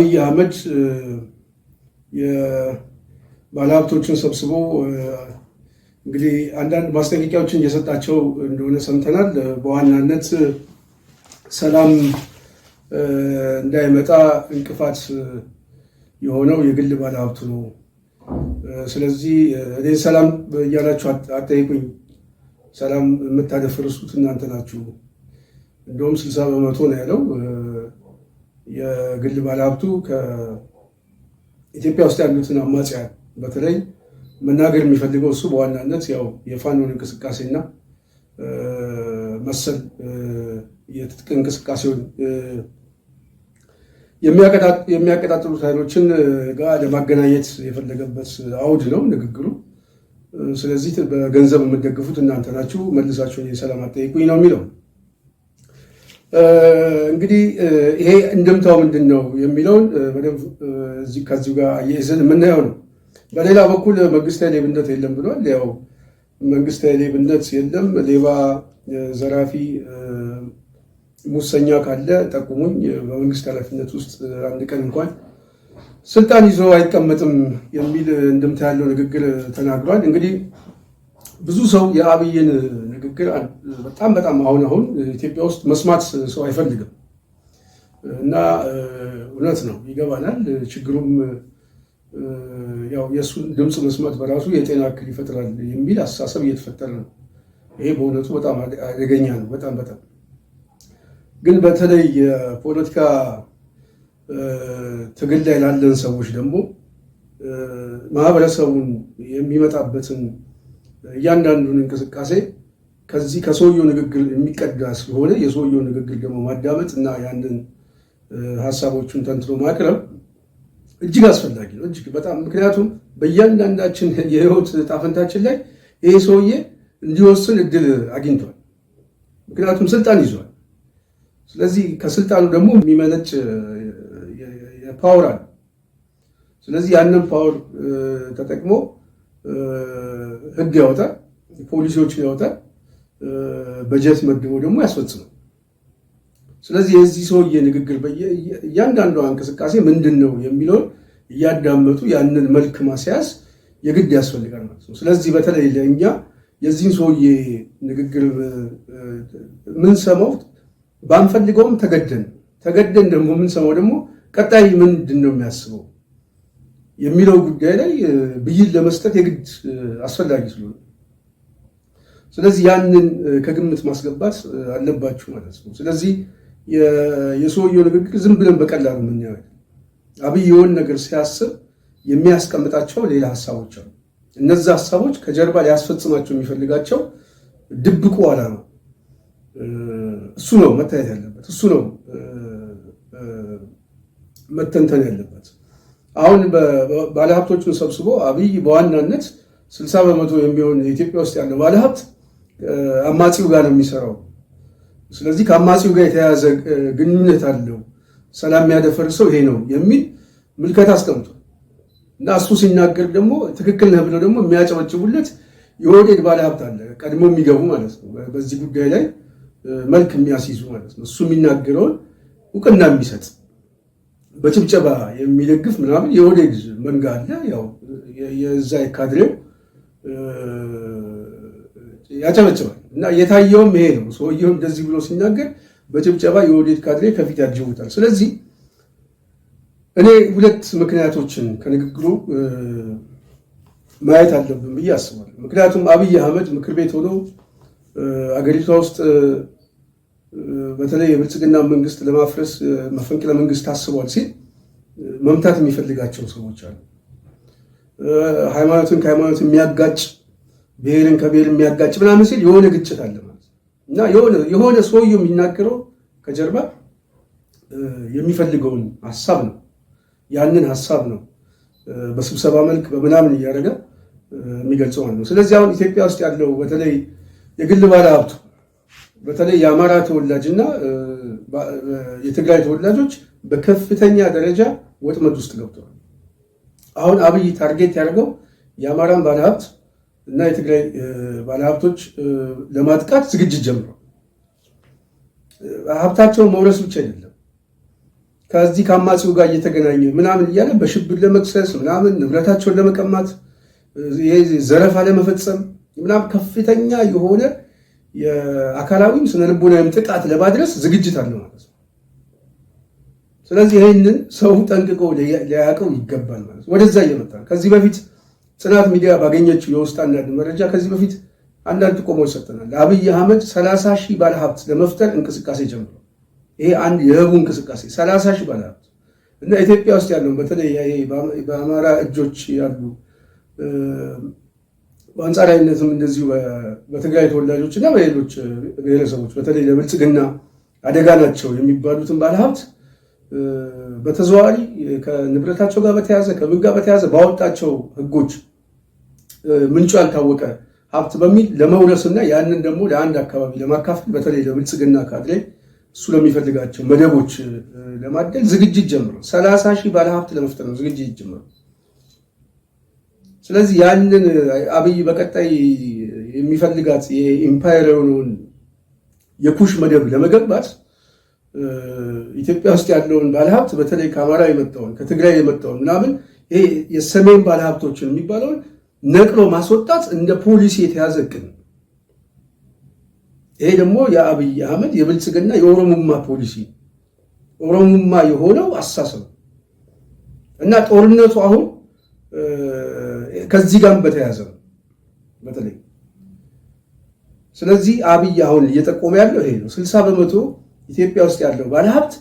አብይ አህመድ ባለሀብቶችን ሰብስቦ እንግዲህ አንዳንድ ማስጠንቀቂያዎችን እየሰጣቸው እንደሆነ ሰምተናል። በዋናነት ሰላም እንዳይመጣ እንቅፋት የሆነው የግል ባለሀብቱ ነው። ስለዚህ እኔ ሰላም እያላችሁ አጠይቁኝ፣ ሰላም የምታደፈርሱት እናንተ ናችሁ። እንደውም ስልሳ በመቶ ነው ያለው የግል ባለሀብቱ ከኢትዮጵያ ውስጥ ያሉትን አማጽያን በተለይ መናገር የሚፈልገው እሱ በዋናነት ያው የፋኖን እንቅስቃሴና መሰል የትጥቅ እንቅስቃሴውን የሚያቀጣጥሉት ኃይሎችን ጋር ለማገናኘት የፈለገበት አውድ ነው ንግግሩ። ስለዚህ በገንዘብ የምትደግፉት እናንተ ናችሁ፣ መልሳችሁን የሰላም አጠይቁኝ ነው የሚለው። እንግዲህ ይሄ እንድምታው ምንድን ነው የሚለውን በደንብ ከዚሁ ጋር አያይዘን የምናየው ነው። በሌላ በኩል መንግስታዊ ሌብነት የለም ብሏል። ያው መንግስታዊ ሌብነት የለም፣ ሌባ፣ ዘራፊ፣ ሙሰኛ ካለ ጠቁሙኝ፣ በመንግስት ኃላፊነት ውስጥ አንድ ቀን እንኳን ስልጣን ይዞ አይቀመጥም የሚል እንድምታ ያለው ንግግር ተናግሯል። እንግዲህ ብዙ ሰው የአብይን ንግግር በጣም በጣም አሁን አሁን ኢትዮጵያ ውስጥ መስማት ሰው አይፈልግም እና እውነት ነው ይገባናል። ችግሩም ያው የእሱን ድምፅ መስማት በራሱ የጤና እክል ይፈጥራል የሚል አስተሳሰብ እየተፈጠረ ነው። ይሄ በእውነቱ በጣም አደገኛ ነው። በጣም በጣም ግን በተለይ የፖለቲካ ትግል ላይ ላለን ሰዎች ደግሞ ማህበረሰቡን የሚመጣበትን እያንዳንዱን እንቅስቃሴ ከዚህ ከሰውየው ንግግር የሚቀዳ ስለሆነ የሰውየው ንግግር ደግሞ ማዳመጥ እና ያንን ሀሳቦቹን ተንትኖ ማቅረብ እጅግ አስፈላጊ ነው። እጅግ በጣም ምክንያቱም በእያንዳንዳችን የህይወት ጣፈንታችን ላይ ይሄ ሰውዬ እንዲወስን እድል አግኝቷል። ምክንያቱም ስልጣን ይዟል። ስለዚህ ከስልጣኑ ደግሞ የሚመነጭ ፓወር አለ። ስለዚህ ያንን ፓወር ተጠቅሞ ህግ ያወጣል፣ ፖሊሲዎችን ያወጣል። በጀት መድቦ ደግሞ ያስፈጽመው። ስለዚህ የዚህ ሰውዬ ንግግር እያንዳንዷ እንቅስቃሴ ምንድን ነው የሚለውን እያዳመጡ ያንን መልክ ማስያዝ የግድ ያስፈልጋል ማለት ነው። ስለዚህ በተለይ ለእኛ የዚህን ሰውዬ ንግግር ምንሰማው ባንፈልገውም ተገደን ተገደን ደግሞ የምንሰማው ደግሞ ቀጣይ ምንድን ነው የሚያስበው የሚለው ጉዳይ ላይ ብይን ለመስጠት የግድ አስፈላጊ ስለሆነ ስለዚህ ያንን ከግምት ማስገባት አለባችሁ ማለት ነው። ስለዚህ የሰውየው ንግግር ዝም ብለን በቀላሉ የምናየው አብይ የሆን ነገር ሲያስብ የሚያስቀምጣቸው ሌላ ሀሳቦች አሉ። እነዚህ ሀሳቦች ከጀርባ ሊያስፈጽማቸው የሚፈልጋቸው ድብቁ ዋላ ነው። እሱ ነው መታየት ያለበት፣ እሱ ነው መተንተን ያለበት። አሁን ባለሀብቶቹን ሰብስቦ አብይ በዋናነት ስልሳ በመቶ የሚሆን ኢትዮጵያ ውስጥ ያለው ባለሀብት አማጺው ጋር ነው የሚሰራው። ስለዚህ ከአማጺው ጋር የተያያዘ ግንኙነት አለው፣ ሰላም የሚያደፈርሰው ይሄ ነው የሚል ምልከታ አስቀምጧል። እና እሱ ሲናገር ደግሞ ትክክል ነህ ብለው ደግሞ የሚያጨበጭቡለት የወዴድ ባለሀብት አለ ቀድሞ የሚገቡ ማለት ነው። በዚህ ጉዳይ ላይ መልክ የሚያስይዙ ማለት ነው። እሱ የሚናገረውን እውቅና የሚሰጥ በጭብጨባ የሚደግፍ ምናምን የወዴድ መንጋ አለ። ያው የዛ ካድሬው ያጨበጭባል እና የታየውም ይሄ ነው። ሰውየው እንደዚህ ብሎ ሲናገር በጭብጨባ የወዴት ካድሬ ከፊት ያጅቡታል። ስለዚህ እኔ ሁለት ምክንያቶችን ከንግግሩ ማየት አለብን ብዬ አስባለሁ። ምክንያቱም አብይ አህመድ ምክር ቤት ሆኖ አገሪቷ ውስጥ በተለይ የብልጽግና መንግስት ለማፍረስ መፈንቅለ መንግስት ታስቧል ሲል መምታት የሚፈልጋቸው ሰዎች አሉ። ሃይማኖትን ከሃይማኖት የሚያጋጭ ብሔርን ከብሔር የሚያጋጭ ምናምን ሲል የሆነ ግጭት አለ ማለት እና የሆነ ሰውየው የሚናገረው ከጀርባ የሚፈልገውን ሀሳብ ነው። ያንን ሀሳብ ነው በስብሰባ መልክ በምናምን እያደረገ የሚገልጸው ማለት ነው። ስለዚህ አሁን ኢትዮጵያ ውስጥ ያለው በተለይ የግል ባለ ሀብቱ በተለይ የአማራ ተወላጅና የትግራይ ተወላጆች በከፍተኛ ደረጃ ወጥመድ ውስጥ ገብተዋል። አሁን አብይ ታርጌት ያደርገው የአማራን ባለሀብት። እና የትግራይ ባለሀብቶች ለማጥቃት ዝግጅት ጀምረው ሀብታቸውን መውረስ ብቻ አይደለም ከዚህ ከአማጺው ጋር እየተገናኘ ምናምን እያለ በሽብር ለመክሰስ ምናምን ንብረታቸውን ለመቀማት ዘረፋ ለመፈጸም ምናምን ከፍተኛ የሆነ የአካላዊም ስነልቦናዊም ጥቃት ለማድረስ ዝግጅት አለ ማለት ነው። ስለዚህ ይህንን ሰው ጠንቅቆ ሊያውቀው ይገባል ማለት ነው። ወደዛ እየመጣ ከዚህ በፊት ጽናት ሚዲያ ባገኘችው የውስጥ አንዳንድ መረጃ ከዚህ በፊት አንዳንድ ጥቆሞች ሰጥተናል። አብይ አህመድ 30 ሺህ ባለሀብት ለመፍጠር እንቅስቃሴ ጀምሯል። ይሄ አንድ የህቡ እንቅስቃሴ 30 ሺህ ባለሀብት እና ኢትዮጵያ ውስጥ ያለውን በተለይ በአማራ እጆች ያሉ በአንጻራዊነትም እንደዚሁ በትግራይ ተወላጆች እና በሌሎች ብሔረሰቦች በተለይ ለብልጽግና አደጋ ናቸው የሚባሉትን ባለሀብት በተዘዋዋሪ ከንብረታቸው ጋር በተያዘ ከምን ጋር በተያዘ ባወጣቸው ህጎች ምንጩ ያልታወቀ ሀብት በሚል ለመውረስና ያንን ደግሞ ለአንድ አካባቢ ለማካፈል በተለይ ለብልጽግና ካድሬ እሱ ለሚፈልጋቸው መደቦች ለማደል ዝግጅት ጀምሮ ሰላሳ ሺህ ባለሀብት ለመፍጠር ነው ዝግጅት ይጀምራል። ስለዚህ ያንን አብይ በቀጣይ የሚፈልጋት የኢምፓየር የሆነውን የኩሽ መደብ ለመገንባት ኢትዮጵያ ውስጥ ያለውን ባለሀብት በተለይ ከአማራ የመጣውን ከትግራይ የመጣውን ምናምን ይሄ የሰሜን ባለሀብቶችን የሚባለውን ነቅሎ ማስወጣት እንደ ፖሊሲ የተያዘ ነው። ይሄ ደግሞ የአብይ አህመድ የብልጽግና የኦሮሙማ ፖሊሲ ኦሮሙማ የሆነው አሳሰብ እና ጦርነቱ አሁን ከዚህ ጋር በተያያዘ ነው በተለይ ስለዚህ አብይ አሁን እየጠቆመ ያለው ይሄ ነው። ስልሳ በመቶ ኢትዮጵያ ውስጥ ያለው ባለሀብት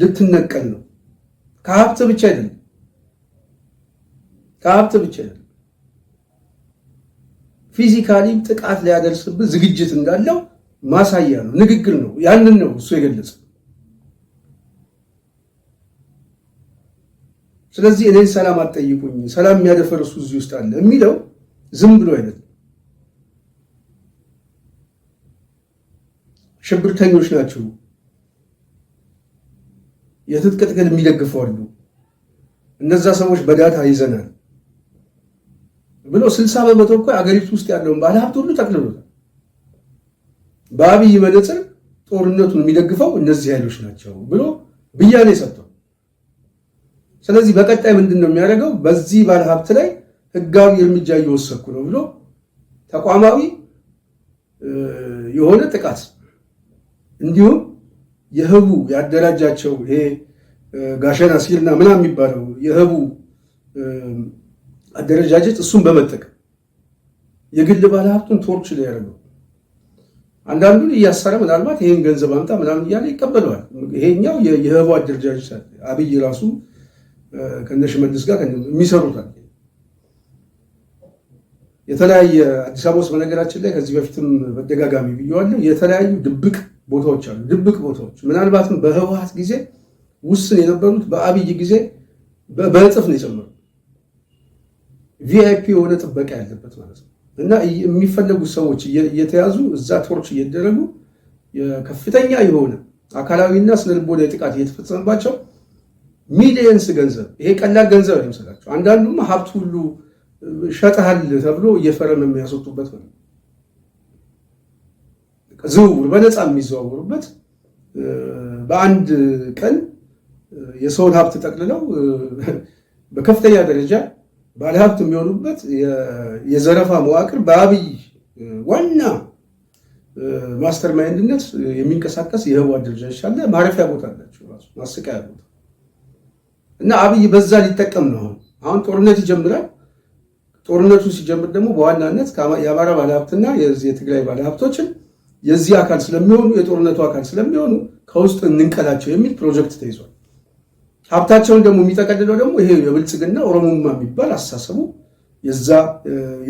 ልትነቀል ነው። ከሀብት ብቻ አይደለም፣ ከሀብት ብቻ አይደለም ፊዚካሊም ጥቃት ሊያደርስብህ ዝግጅት እንዳለው ማሳያ ነው፣ ንግግር ነው። ያንን ነው እሱ የገለጸ። ስለዚህ እኔን ሰላም አትጠይቁኝ፣ ሰላም እሱ እዚህ ውስጥ አለ የሚለው ዝም ብሎ አይደለም። ሽብርተኞች ናቸው፣ የትጥቅ ትግል የሚደግፈዋሉ። እነዛ ሰዎች በዳታ ይዘናል ብሎ ስልሳ በመቶ እኮ አገሪቱ ውስጥ ያለውን ባለ ሀብት ሁሉ ጠቅልሎታል። በአብይ መነጽር ጦርነቱን የሚደግፈው እነዚህ ኃይሎች ናቸው ብሎ ብያኔ ሰጥቷል። ስለዚህ በቀጣይ ምንድን ነው የሚያደርገው? በዚህ ባለ ሀብት ላይ ህጋዊ እርምጃ እየወሰድኩ ነው ብሎ ተቋማዊ የሆነ ጥቃት እንዲሁም የህቡ ያደራጃቸው ይሄ ጋሸና ሲልና ምናምን የሚባለው የህቡ አደረጃጀት እሱን በመጠቀም የግል ባለሀብቱን ቶርች ላይ ያደርገው አንዳንዱን እያሰረ ምናልባት ይህን ገንዘብ አምጣ ምናምን እያለ ይቀበለዋል። ይሄኛው የህቡ አደረጃጀት አብይ ራሱ ከነሽመልስ ጋር የሚሰሩታል የተለያየ አዲስ አበባ ውስጥ በነገራችን ላይ ከዚህ በፊትም በደጋጋሚ ብየዋለሁ። የተለያዩ ድብቅ ቦታዎች አሉ። ድብቅ ቦታዎች ምናልባትም በህወሀት ጊዜ ውስን የነበሩት በአብይ ጊዜ በእጥፍ ነው የጨመሩት። ቪአይፒ የሆነ ጥበቃ ያለበት ማለት ነው እና የሚፈለጉ ሰዎች እየተያዙ እዛ ቶርች እየደረጉ ከፍተኛ የሆነ አካላዊና ስነ ልቦና ጥቃት እየተፈጸመባቸው ሚሊየንስ ገንዘብ ይሄ ቀላል ገንዘብ አይመስላቸው። አንዳንዱም ሀብት ሁሉ ሸጠሃል ተብሎ እየፈረመ የሚያስወጡበት ነው። ዝውውር በነፃ የሚዘዋወሩበት በአንድ ቀን የሰውን ሀብት ጠቅልለው በከፍተኛ ደረጃ ባለሀብት የሚሆኑበት የዘረፋ መዋቅር በአብይ ዋና ማስተር ማይንድነት የሚንቀሳቀስ የህቡ አደረጃጀት አለ። ማረፊያ ቦታ አላቸው፣ ራሱ ማሰቃያ ቦታ እና አብይ በዛ ሊጠቀም ነው። አሁን አሁን ጦርነት ይጀምራል። ጦርነቱ ሲጀምር ደግሞ በዋናነት የአማራ ባለሀብትና የትግራይ ባለሀብቶችን የዚህ አካል ስለሚሆኑ የጦርነቱ አካል ስለሚሆኑ ከውስጥ እንንቀላቸው የሚል ፕሮጀክት ተይዟል። ሀብታቸውን ደግሞ የሚጠቀልለው ደግሞ ይሄ የብልጽግና ኦሮሞማ የሚባል አስተሳሰቡ የዛ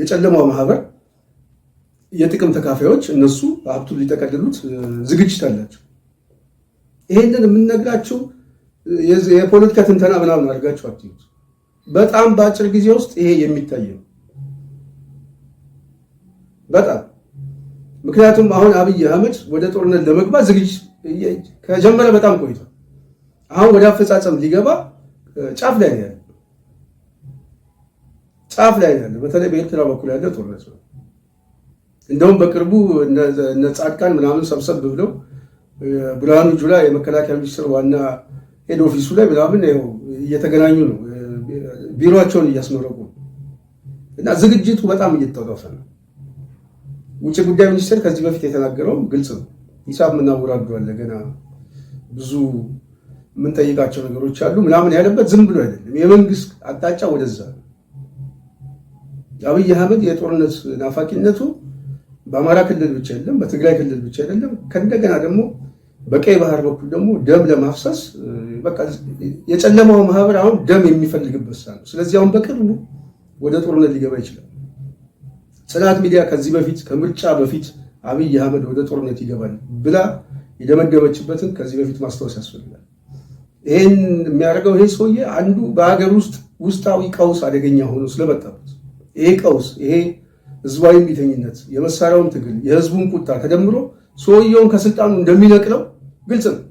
የጨለማው ማህበር የጥቅም ተካፋዮች እነሱ ሀብቱን ሊጠቀልሉት ዝግጅት አላቸው። ይሄንን የምንነግራችሁ የፖለቲካ ትንተና ምናምን አድርጋችሁ አትዩት። በጣም በአጭር ጊዜ ውስጥ ይሄ የሚታይ ነው። በጣም ምክንያቱም አሁን አብይ አህመድ ወደ ጦርነት ለመግባት ዝግጅት ከጀመረ በጣም ቆይቷል። አሁን ወደ አፈጻጸም ሊገባ ጫፍ ላይ ያለ ጫፍ ላይ ያለ በተለይ በኤርትራ በኩል ያለ ጦርነት ነው። እንደውም በቅርቡ እነ ጻድቃን ምናምን ሰብሰብ ብለው ብርሃኑ ጁላ የመከላከያ ሚኒስትር ዋና ሄድ ኦፊሱ ላይ ምናምን እየተገናኙ ነው፣ ቢሮቸውን እያስመረቁ ነው። እና ዝግጅቱ በጣም እየተጠረፈ ነው። ውጭ ጉዳይ ሚኒስቴር ከዚህ በፊት የተናገረው ግልጽ ነው። ሂሳብ ምናወራዱ አለ ገና ብዙ የምንጠይቃቸው ነገሮች አሉ ምናምን ያለበት ዝም ብሎ አይደለም። የመንግስት አቅጣጫ ወደዛ ነው። አብይ አህመድ የጦርነት ናፋቂነቱ በአማራ ክልል ብቻ አይደለም፣ በትግራይ ክልል ብቻ አይደለም። ከእንደገና ደግሞ በቀይ ባህር በኩል ደግሞ ደም ለማፍሰስ በቃ የጨለማው ማህበር አሁን ደም የሚፈልግበት ሰዓት ነው። ስለዚህ አሁን በቅርቡ ወደ ጦርነት ሊገባ ይችላል። ጽናት ሚዲያ ከዚህ በፊት ከምርጫ በፊት አብይ አህመድ ወደ ጦርነት ይገባል ብላ የደመደመችበትን ከዚህ በፊት ማስታወስ ያስፈልጋል። ይህን የሚያደርገው ይሄ ሰውዬ አንዱ በሀገር ውስጥ ውስጣዊ ቀውስ አደገኛ ሆኖ ስለመጣበት ይሄ ቀውስ ይሄ ህዝባዊ ቢተኝነት፣ የመሳሪያውን ትግል፣ የህዝቡን ቁጣ ተደምሮ ሰውየውን ከስልጣኑ እንደሚነቅለው ግልጽ ነው።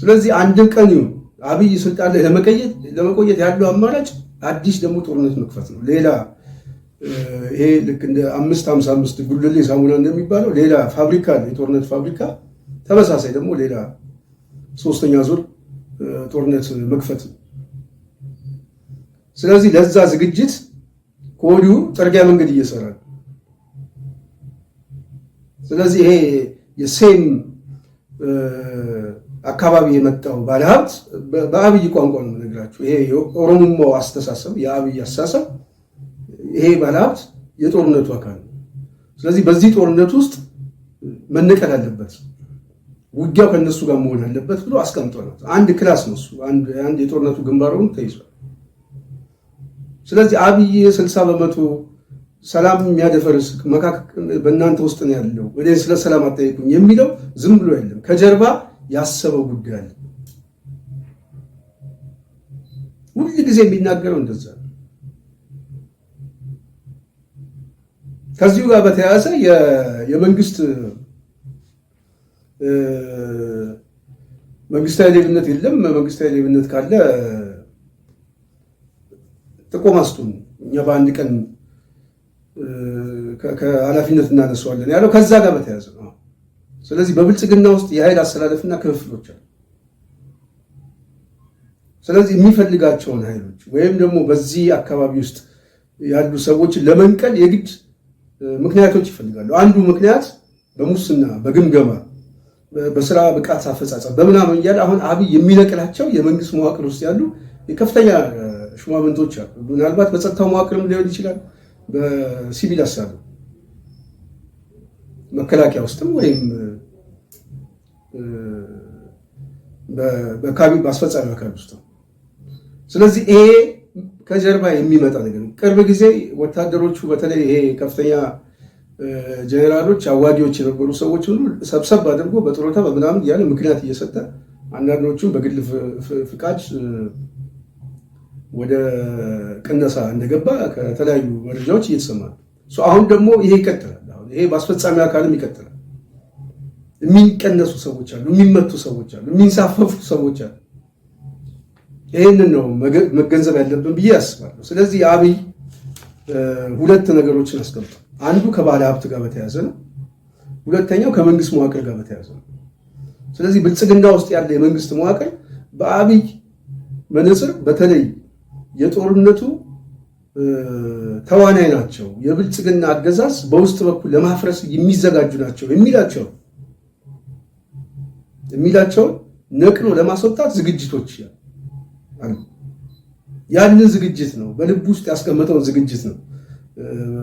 ስለዚህ አንድ ቀን ይሁን አብይ ስልጣን ላይ ለመቆየት ያለው አማራጭ አዲስ ደግሞ ጦርነት መክፈት ነው። ሌላ ይሄ ልክ እንደ አምስት ሀምሳ አምስት ጉልሌ ሳሙና እንደሚባለው ሌላ ፋብሪካ የጦርነት ፋብሪካ ተመሳሳይ ደግሞ ሌላ ሶስተኛ ዙር ጦርነት መክፈት። ስለዚህ ለዛ ዝግጅት ከወዲሁ ጠርጊያ መንገድ እየሰራ ስለዚህ ይሄ የሴም አካባቢ የመጣው ባለሀብት በአብይ ቋንቋ ነው የምነግራቸው። ይሄ የኦሮሞማው አስተሳሰብ የአብይ አስተሳሰብ ይሄ ባለሀብት የጦርነቱ አካል ነው። ስለዚህ በዚህ ጦርነት ውስጥ መነቀል አለበት። ውጊያው ከነሱ ጋር መሆን አለበት ብሎ አስቀምጧል። አንድ ክላስ ነው እሱ አንድ የጦርነቱ ግንባሩን ተይዟል። ስለዚህ አብይ ስልሳ በመቶ ሰላም የሚያደፈርስ በእናንተ ውስጥ ነው ያለው ወደ ስለ ሰላም አጠይቁኝ የሚለው ዝም ብሎ የለም። ከጀርባ ያሰበው ጉዳይ አለ። ሁል ጊዜ የሚናገረው እንደዛ ነው። ከዚሁ ጋር በተያያዘ የመንግስት መንግስታዊ ሌብነት የለም። መንግስታዊ ሌብነት ካለ ጥቆማ ስጡን፣ እኛ በአንድ ቀን ከኃላፊነት እናነሰዋለን ያለው ከዛ ጋር በተያያዘ ነው። ስለዚህ በብልጽግና ውስጥ የኃይል አሰላለፍና ክፍፍሎች አሉ። ስለዚህ የሚፈልጋቸውን ኃይሎች ወይም ደግሞ በዚህ አካባቢ ውስጥ ያሉ ሰዎችን ለመንቀል የግድ ምክንያቶች ይፈልጋሉ። አንዱ ምክንያት በሙስና በግምገማ በስራ ብቃት አፈጻጸም በምናምን እያለ አሁን አብይ የሚነቅላቸው የመንግስት መዋቅር ውስጥ ያሉ የከፍተኛ ሹማምንቶች አሉ። ምናልባት በጸጥታው መዋቅርም ሊሆን ይችላል፣ በሲቪል አሳሉ መከላከያ ውስጥም ወይም በአስፈጻሚ አካባቢ ውስጥ ስለዚህ ይሄ ከጀርባ የሚመጣ ነገር ቅርብ ጊዜ ወታደሮቹ በተለይ ይሄ ከፍተኛ ጀኔራሎች፣ አዋጊዎች የነበሩ ሰዎች ሁሉ ሰብሰብ አድርጎ በጥሮታ በምናምን እያለ ምክንያት እየሰጠ አንዳንዶቹም በግል ፍቃድ ወደ ቅነሳ እንደገባ ከተለያዩ መረጃዎች እየተሰማ ነው። አሁን ደግሞ ይሄ ይቀጥላል። ይሄ በአስፈጻሚ አካልም ይቀጥላል። የሚቀነሱ ሰዎች አሉ፣ የሚመቱ ሰዎች አሉ፣ የሚንሳፈፉ ሰዎች አሉ። ይህንን ነው መገንዘብ ያለብን ብዬ አስባለሁ። ስለዚህ አብይ ሁለት ነገሮችን አስቀምጧል። አንዱ ከባለ ሀብት ጋር በተያዘ ነው። ሁለተኛው ከመንግስት መዋቅር ጋር በተያዘ ነው። ስለዚህ ብልጽግና ውስጥ ያለ የመንግስት መዋቅር በአብይ መነጽር በተለይ የጦርነቱ ተዋናይ ናቸው፣ የብልጽግና አገዛዝ በውስጥ በኩል ለማፍረስ የሚዘጋጁ ናቸው የሚላቸው የሚላቸውን ነቅሎ ለማስወጣት ዝግጅቶች ያንን ዝግጅት ነው በልብ ውስጥ ያስቀመጠውን ዝግጅት ነው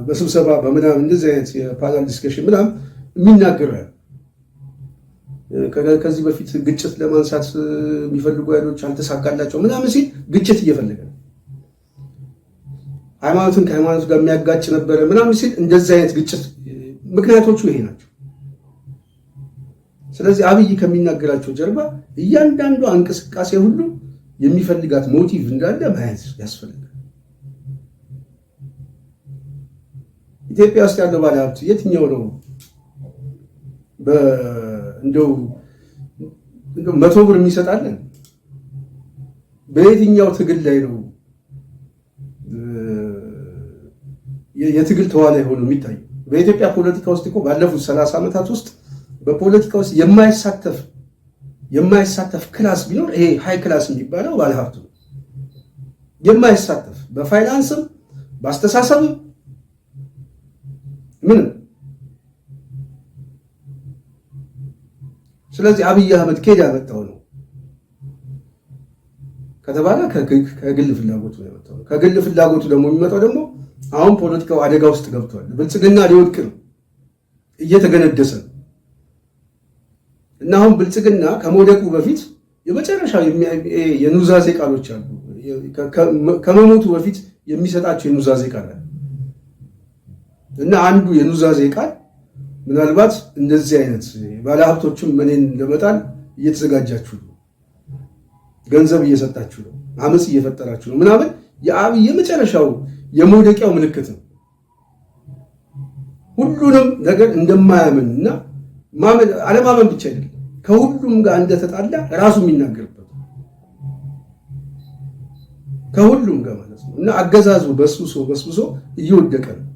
በስብሰባ በምናምን እንደዚህ አይነት የፓናል ዲስከሽን ምናምን የሚናገራል። ከዚህ በፊት ግጭት ለማንሳት የሚፈልጉ ኃይሎች አልተሳካላቸው ምናምን ሲል ግጭት እየፈለገ ነው። ሃይማኖትን ከሃይማኖት ጋር የሚያጋጭ ነበረ ምናምን ሲል እንደዚህ አይነት ግጭት ምክንያቶቹ ይሄ ናቸው። ስለዚህ አብይ ከሚናገራቸው ጀርባ እያንዳንዷ እንቅስቃሴ ሁሉ የሚፈልጋት ሞቲቭ እንዳለ ማየት ያስፈልጋል። ኢትዮጵያ ውስጥ ያለው ባለሀብት የትኛው ነው? እንደው መቶ ብር የሚሰጣለን በየትኛው ትግል ላይ ነው የትግል ተዋናይ ሆኖ የሚታይ? በኢትዮጵያ ፖለቲካ ውስጥ እኮ ባለፉት ሰላሳ ዓመታት ውስጥ በፖለቲካ ውስጥ የማይሳተፍ የማይሳተፍ ክላስ ቢኖር ይሄ ሀይ ክላስ የሚባለው ባለሀብቱ ነው። የማይሳተፍ በፋይናንስም በአስተሳሰብም ምንም። ስለዚህ አብይ አህመድ ከሄድ ያመጣው ነው ከተባለ ከግል ፍላጎቱ ነው የመጣው። ከግል ፍላጎቱ ደግሞ የሚመጣው ደግሞ አሁን ፖለቲካው አደጋ ውስጥ ገብቷል። ብልጽግና ሊወድቅ ነው፣ እየተገነደሰ ነው እና አሁን ብልጽግና ከመውደቁ በፊት የመጨረሻ የኑዛዜ ቃሎች አሉ። ከመሞቱ በፊት የሚሰጣቸው የኑዛዜ ቃል እና አንዱ የኑዛዜ ቃል ምናልባት እንደዚህ አይነት ባለሀብቶችም እኔን ለመጣል እየተዘጋጃችሁ ነው፣ ገንዘብ እየሰጣችሁ ነው፣ አመፅ እየፈጠራችሁ ነው ምናምን የአብይ የመጨረሻው የመውደቂያው ምልክት ነው። ሁሉንም ነገር እንደማያምን እና አለማመን ብቻ አይደለም ከሁሉም ጋር እንደተጣላ ራሱ የሚናገርበት ከሁሉም ጋር ማለት ነው እና አገዛዙ በስብሶ በስብሶ እየወደቀ ነው።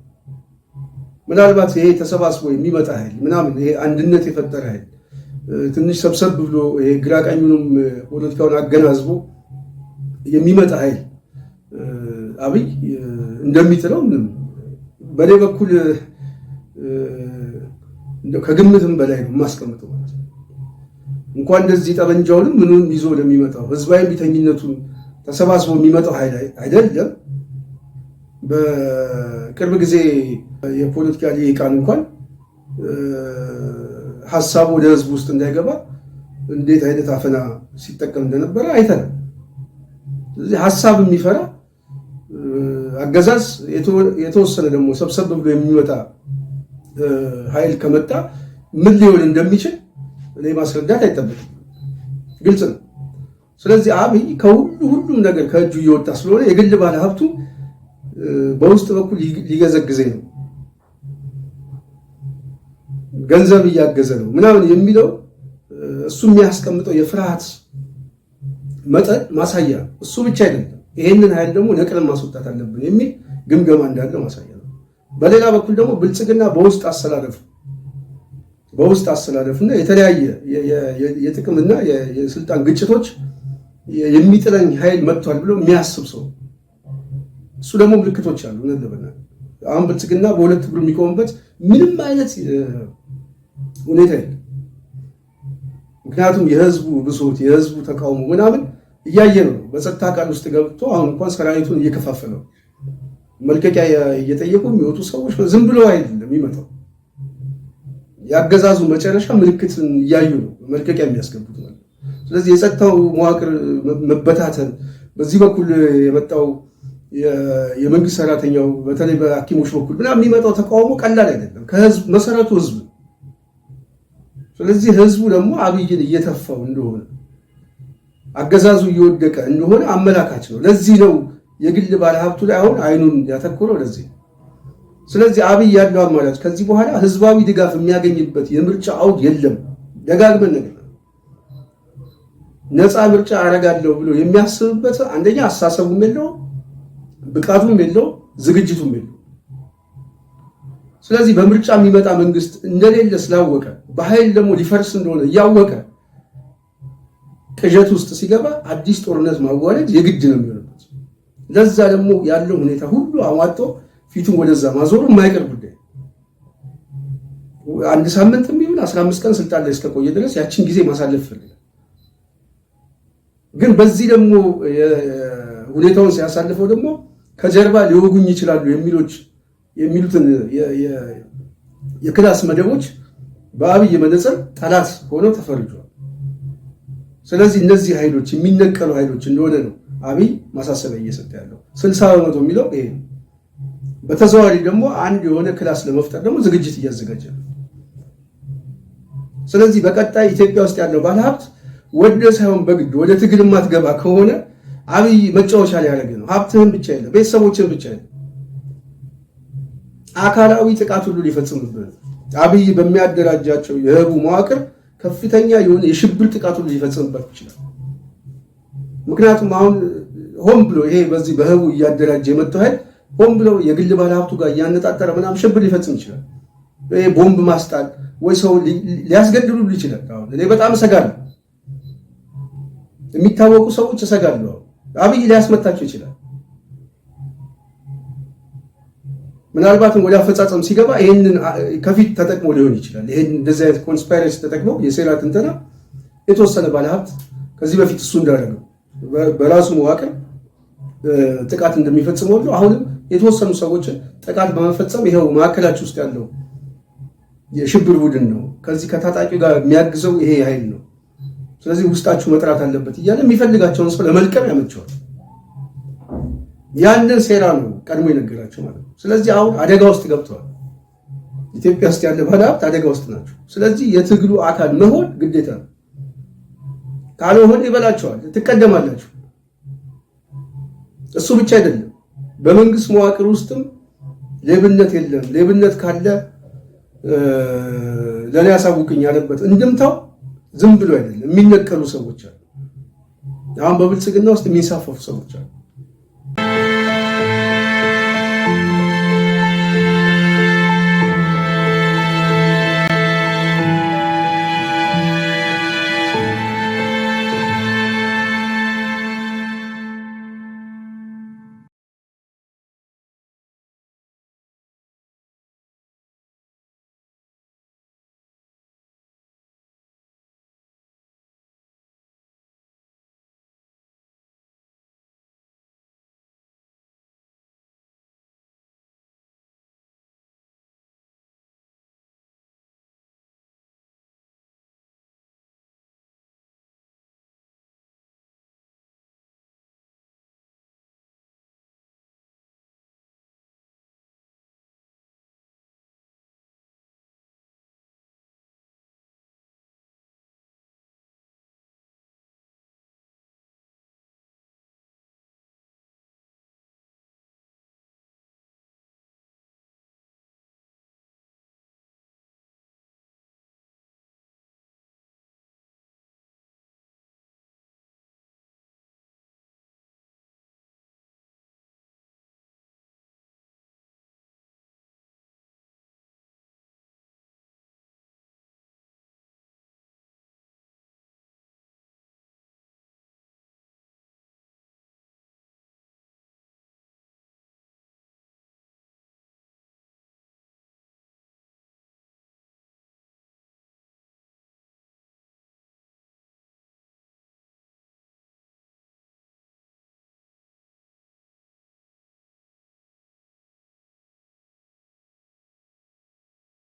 ምናልባት ይሄ ተሰባስቦ የሚመጣ ኃይል ምናምን ይሄ አንድነት የፈጠረ ኃይል ትንሽ ሰብሰብ ብሎ ግራ ቀኙንም ፖለቲካውን አገናዝቦ የሚመጣ ኃይል አብይ እንደሚጥለው ምንም በእኔ በኩል ከግምትም በላይ ነው የማስቀምጠው። እንኳን እንደዚህ ጠመንጃውንም ምኑን ይዞ ለሚመጣው ህዝባዊ ቢተኝነቱን ተሰባስቦ የሚመጣው ኃይል አይደለም። በቅርብ ጊዜ የፖለቲካ ሊቃን እንኳን ሀሳቡ ወደ ህዝብ ውስጥ እንዳይገባ እንዴት አይነት አፈና ሲጠቀም እንደነበረ አይተናል። ስለዚህ ሀሳብ የሚፈራ አገዛዝ የተወሰነ ደግሞ ሰብሰብ ብሎ የሚመጣ ኃይል ከመጣ ምን ሊሆን እንደሚችል እኔ ማስረዳት አይጠበቅም፣ ግልጽ ነው። ስለዚህ አብይ ከሁሉ ሁሉም ነገር ከእጁ እየወጣ ስለሆነ የግል ባለሀብቱ በውስጥ በኩል ሊገዘግዘኝ ነው ገንዘብ እያገዘ ነው ምናምን የሚለው እሱ የሚያስቀምጠው የፍርሃት መጠን ማሳያ እሱ ብቻ አይደለም። ይህንን ኃይል ደግሞ ነቅለን ማስወጣት አለብን የሚል ግምገማ እንዳለ ማሳያ ነው። በሌላ በኩል ደግሞ ብልጽግና በውስጥ አሰላለፍ በውስጥ አሰላለፍና የተለያየ የጥቅምና የስልጣን ግጭቶች የሚጥለኝ ኃይል መጥቷል ብሎ የሚያስብ ሰው እሱ ደግሞ ምልክቶች አሉ። አሁን ብልጽግና በሁለት እግሩ የሚቆምበት ምንም አይነት ሁኔታ የለም። ምክንያቱም የህዝቡ ብሶት የህዝቡ ተቃውሞ ምናምን እያየ ነው። በጸጥታ አካል ውስጥ ገብቶ አሁን እንኳን ሰራዊቱን እየከፋፈለ ነው። መልቀቂያ እየጠየቁ የሚወጡ ሰዎች ዝም ብለው አይደለም የሚመጣው። የአገዛዙ መጨረሻ ምልክትን እያዩ ነው መልቀቂያ የሚያስገቡት ስለዚህ የጸጥታው መዋቅር መበታተን፣ በዚህ በኩል የመጣው የመንግስት ሰራተኛው በተለይ በሐኪሞች በኩል ምናምን የሚመጣው ተቃውሞ ቀላል አይደለም። ከህዝብ መሰረቱ ህዝብ ስለዚህ ህዝቡ ደግሞ አብይን እየተፋው እንደሆነ አገዛዙ እየወደቀ እንደሆነ አመላካች ነው። ለዚህ ነው የግል ባለሀብቱ ላይ አሁን አይኑን ያተኮረው ለዚህ ስለዚህ አብይ ያለው አማራጭ ከዚህ በኋላ ህዝባዊ ድጋፍ የሚያገኝበት የምርጫ አውድ የለም። ደጋግመን ነገር ነፃ ምርጫ አረጋለሁ ብሎ የሚያስብበት አንደኛ አሳሰቡም የለው ብቃቱም የለው ዝግጅቱም የለው። ስለዚህ በምርጫ የሚመጣ መንግስት እንደሌለ ስላወቀ በኃይል ደግሞ ሊፈርስ እንደሆነ እያወቀ ቅዠት ውስጥ ሲገባ አዲስ ጦርነት ማዋለድ የግድ ነው የሚሆንበት። ለዛ ደግሞ ያለው ሁኔታ ሁሉ አሟጦ ፊቱን ወደዛ ማዞሩ የማይቀር ጉዳይ አንድ ሳምንት የሚሆን አስራ አምስት ቀን ስልጣን ላይ እስከቆየ ድረስ ያችን ጊዜ ማሳለፍ ይፈልጋል። ግን በዚህ ደግሞ ሁኔታውን ሲያሳልፈው ደግሞ ከጀርባ ሊወጉኝ ይችላሉ የሚሎች የሚሉትን የክላስ መደቦች በአብይ መነጽር ጠላት ሆነው ተፈርጇል። ስለዚህ እነዚህ ኃይሎች የሚነቀሉ ኃይሎች እንደሆነ ነው አብይ ማሳሰቢያ እየሰጠ ያለው። ስልሳ በመቶ የሚለው ይሄ ነው። በተዘዋዋሪ ደግሞ አንድ የሆነ ክላስ ለመፍጠር ደግሞ ዝግጅት እያዘጋጀ ነው። ስለዚህ በቀጣይ ኢትዮጵያ ውስጥ ያለው ባለሀብት ወደ ሳይሆን በግድ ወደ ትግል ገባ ከሆነ አብይ መጫወቻ ላይ ያደረገ ነው። ሀብትህን ብቻ የለም፣ ቤተሰቦችህን ብቻ የለም። አካላዊ ጥቃት ሁሉ ሊፈጽሙበት አብይ በሚያደራጃቸው የህቡ መዋቅር ከፍተኛ የሆነ የሽብር ጥቃት ሁሉ ሊፈጽምበት ይችላል። ምክንያቱም አሁን ሆን ብሎ ይሄ በዚህ በህቡ እያደራጀ የመጣው ኃይል ሆን ብሎ የግል ባለሀብቱ ጋር እያነጣጠረ ምናም ሽብር ሊፈጽም ይችላል። ይሄ ቦምብ ማስጣል ወይ ሰው ሊያስገድሉ ይችላል። አሁን እኔ በጣም እሰጋለሁ። የሚታወቁ ሰዎች እሰጋለሁ። አብይ ሊያስመታቸው ይችላል። ምናልባትም ወደ አፈጻጸም ሲገባ ይህንን ከፊት ተጠቅሞ ሊሆን ይችላል። ይህን እንደዚህ አይነት ኮንስፓይረሲ ተጠቅመው የሴራ ትንተና የተወሰነ ባለሀብት ከዚህ በፊት እሱ እንዳደረገው በራሱ መዋቅር ጥቃት እንደሚፈጽም ሁሉ አሁንም የተወሰኑ ሰዎችን ጥቃት በመፈጸም ይኸው ማዕከላችሁ ውስጥ ያለው የሽብር ቡድን ነው፣ ከዚህ ከታጣቂ ጋር የሚያግዘው ይሄ ኃይል ነው፣ ስለዚህ ውስጣችሁ መጥራት አለበት እያለ የሚፈልጋቸውን ሰው ለመልቀም ያመቸዋል። ያንን ሴራ ነው ቀድሞ የነገራቸው ማለት ነው። ስለዚህ አሁን አደጋ ውስጥ ገብተዋል። ኢትዮጵያ ውስጥ ያለ ባለሀብት አደጋ ውስጥ ናቸው። ስለዚህ የትግሉ አካል መሆን ግዴታ ነው። ካልሆን ይበላቸዋል፣ ትቀደማላችሁ። እሱ ብቻ አይደለም፣ በመንግስት መዋቅር ውስጥም ሌብነት የለም። ሌብነት ካለ ለእኔ ያሳውቅኝ ያለበት እንድምታው ዝም ብሎ አይደለም። የሚነቀሉ ሰዎች አሉ። አሁን በብልጽግና ውስጥ የሚንሳፈፉ ሰዎች አሉ።